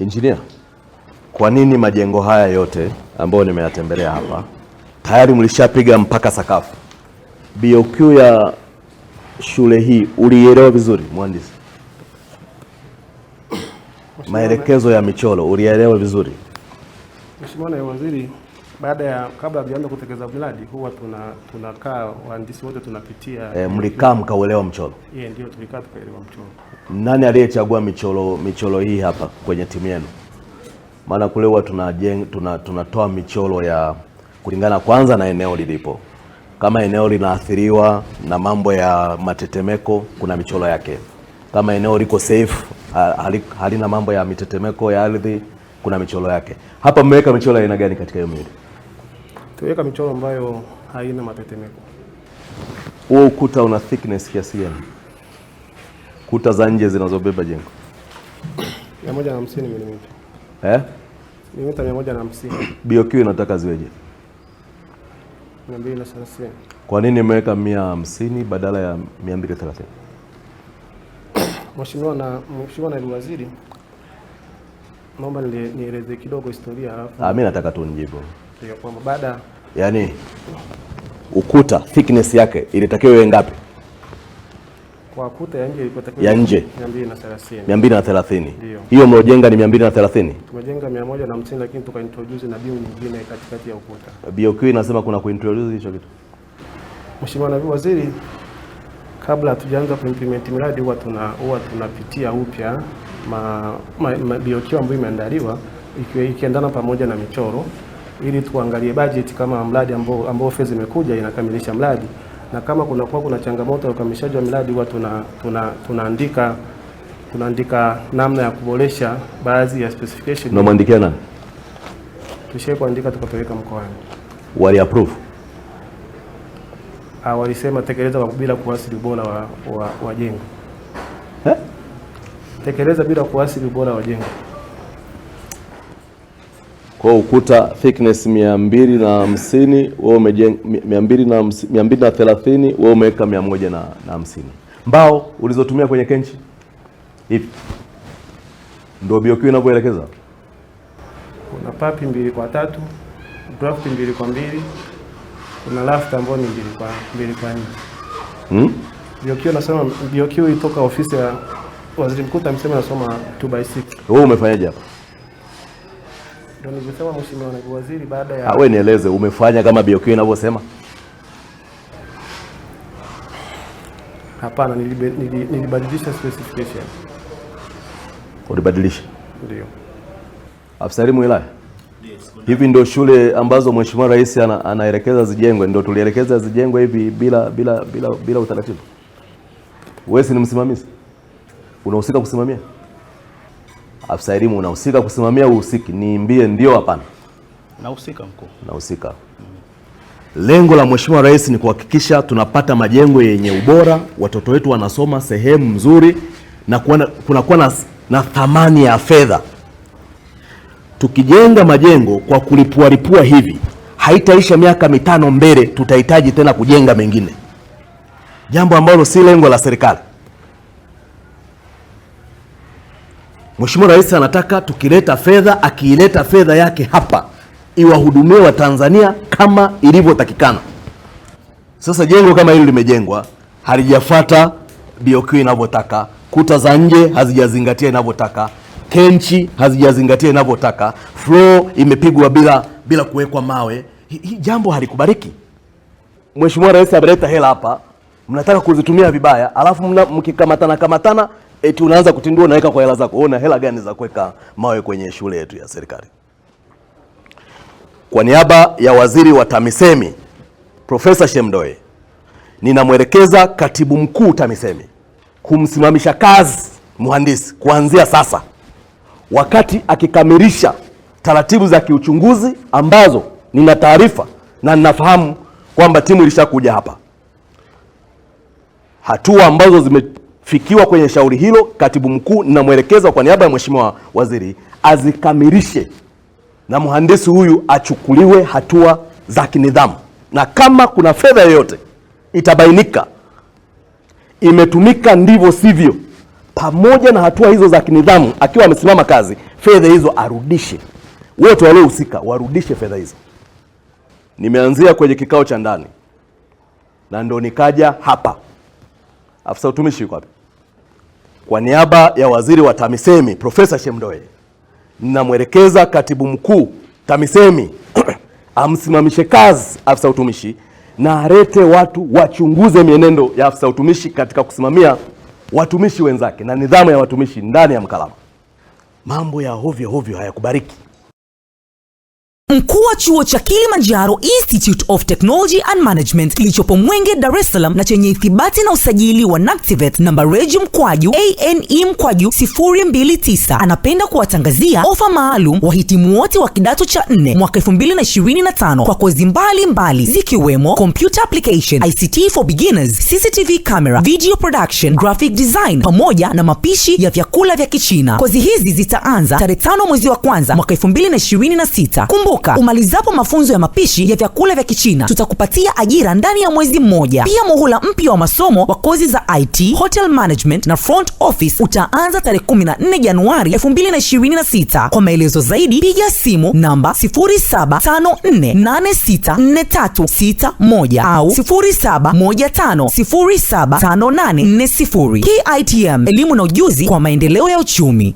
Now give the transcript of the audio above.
Engineer, kwa nini majengo haya yote ambayo nimeyatembelea hapa tayari mlishapiga mpaka sakafu? BOQ ya shule hii ulielewa vizuri mhandisi? Maelekezo ya michoro ulielewa vizuri? Mheshimiwa Naibu Waziri baada ya kabla hatujaanza kutekeleza mradi huwa tunakaa wahandisi wote tunapitia. E, mlikaa mkauelewa mchoro? Yeah, ndio tulikaa tukaelewa mchoro. Nani aliyechagua michoro michoro hii hapa kwenye timu yenu? Maana kule huwa tunatoa tuna, tuna michoro ya kulingana kwanza na eneo lilipo. Kama eneo linaathiriwa na mambo ya matetemeko, kuna michoro yake. Kama eneo liko safe, halina mambo ya mitetemeko ya ardhi, kuna michoro yake. Hapa mmeweka michoro ya aina gani katika hiyo miili tuweka michoro ambayo haina matetemeko. Huo ukuta una thickness kiasi gani? Kuta za nje zinazobeba jengo 150 mm. Eh? Milimita 150. BOQ inataka ziweje? 230. Kwa nini imeweka 150 badala ya 230? Mheshimiwa na Mheshimiwa Naibu Waziri, naomba nieleze kidogo historia halafu. Ah, mimi nataka tu nijibu kwamba baada yani ukuta thickness yake ilitakiwa iwe ngapi? Kwa kuta ya nje ilikuwa ya nje 230. 230. Hiyo mlojenga ni 230. Tumejenga 150 lakini tuka introduce na bio nyingine katikati ya ukuta. Bio kwa inasema kuna kuintroduce hicho kitu. Mheshimiwa Naibu Waziri, kabla hatujaanza kuimplement miradi huwa tuna huwa tunapitia upya ma, ma, ma BOQ ambayo imeandaliwa ikiendana pamoja na michoro ili tuangalie bajeti kama mradi ambao ambao fedha imekuja inakamilisha mradi, na kama kunakuwa kuna changamoto ya ukamilishaji wa miradi huwa tuna, tuna, tunaandika tunaandika namna ya kuboresha baadhi ya specification. Na mwandikia nani? Tushaye kuandika tukapeleka mkoani. Wali approve. Ah, walisema tekeleza bila kuasili ubora wa, wa, wa jengo. Eh? Tekeleza bila kuasili ubora wa jengo. Kwa ukuta thickness mia mbili na hamsini wewe umejenga mia mbili na mia mbili na thelathini wewe umeweka mia moja na hamsini mbao ulizotumia kwenye kenchi hivi ndio BOQ inavyoelekeza. Kuna papi mbili kwa tatu, draft mbili kwa mbili, kuna raft ambayo ni mbili kwa mbili kwa nne. Hmm? BOQ nasema BOQ itoka ofisi ya Waziri Mkuu TAMISEMI nasoma 2 by 6. Wewe umefanyaje hapa? Ndio nilivyosema mheshimiwa naibu waziri, baada ya ah, wewe, nieleze umefanya kama BOQ inavyosema? Hapana, nilibadilisha specification. Ulibadilisha? Ndio. Afisa elimu wilaya, hivi ndio shule ambazo mheshimiwa rais anaelekeza zijengwe, ndio tulielekeza zijengwe hivi bila bila bila bila utaratibu? Wewe si ni msimamizi, unahusika kusimamia Afisa elimu unahusika kusimamia, uhusiki? Niimbie ndio, hapana. Nahusika mkuu, nahusika. Lengo la Mheshimiwa Rais ni kuhakikisha tunapata majengo yenye ubora, watoto wetu wanasoma sehemu nzuri na kunakuwa na, na thamani ya fedha. Tukijenga majengo kwa kulipuaripua hivi, haitaisha miaka mitano mbele, tutahitaji tena kujenga mengine, jambo ambalo si lengo la serikali. Mheshimiwa Rais anataka tukileta fedha, akiileta fedha yake hapa iwahudumie Watanzania kama ilivyotakikana. Sasa jengo kama hili limejengwa halijafata BOQ inavyotaka, kuta za nje hazijazingatia inavyotaka, kenchi hazijazingatia inavyotaka, floor imepigwa bila bila kuwekwa mawe. Hii jambo halikubaliki. Mheshimiwa Rais ameleta hela hapa, mnataka kuzitumia vibaya, alafu mkikamatana kamatana eti unaanza kutindua unaweka kwa hela zako. Una hela gani za kuweka mawe kwenye shule yetu ya serikali? Kwa niaba ya waziri wa TAMISEMI Profesa Shemdoe, ninamwelekeza katibu mkuu TAMISEMI kumsimamisha kazi mhandisi kuanzia sasa, wakati akikamilisha taratibu za kiuchunguzi ambazo nina taarifa na ninafahamu kwamba timu ilishakuja hapa, hatua ambazo zime fikiwa kwenye shauri hilo. Katibu mkuu, mwelekeza kwa niaba ya mheshimiwa waziri azikamilishe na mhandisi huyu achukuliwe hatua za kinidhamu, na kama kuna fedha yoyote itabainika imetumika ndivyo sivyo, pamoja na hatua hizo za kinidhamu, akiwa amesimama kazi, fedha hizo arudishe. Wote waliohusika warudishe fedha hizo. Nimeanzia kwenye kikao cha ndani na ndo nikaja hapa. Afisa utumishi yuko wapi? Kwa niaba ya waziri wa TAMISEMI Profesa Shemdoe, ninamwelekeza katibu mkuu TAMISEMI amsimamishe kazi afisa utumishi na alete watu wachunguze mienendo ya afisa utumishi katika kusimamia watumishi wenzake na nidhamu ya watumishi ndani ya Mkalama. Mambo ya hovyo hovyo hayakubariki. Mkuu wa chuo cha Kilimanjaro Institute of Technology and Management kilichopo Mwenge, Dar es Salaam na chenye ithibati na usajili wa NACTIVET namba reji mkwaju ane mkwaju 029 anapenda kuwatangazia ofa maalum wahitimu wote wa kidato cha 4 mwaka 2025 kwa kozi mbalimbali zikiwemo computer application, ICT for beginners, CCTV camera, video production, graphic design pamoja na mapishi ya vyakula vya Kichina. Kozi hizi zitaanza tarehe 5 mwezi wa kwanza mwaka 2026. Kumbuka Kumbuka, umalizapo mafunzo ya mapishi ya vyakula vya Kichina tutakupatia ajira ndani ya mwezi mmoja. Pia muhula mpya wa masomo wa kozi za IT, hotel management na front office utaanza tarehe 14 Januari 2026. Kwa maelezo zaidi piga simu namba 0754864361 au 0715075840. itm elimu na ujuzi kwa maendeleo ya uchumi.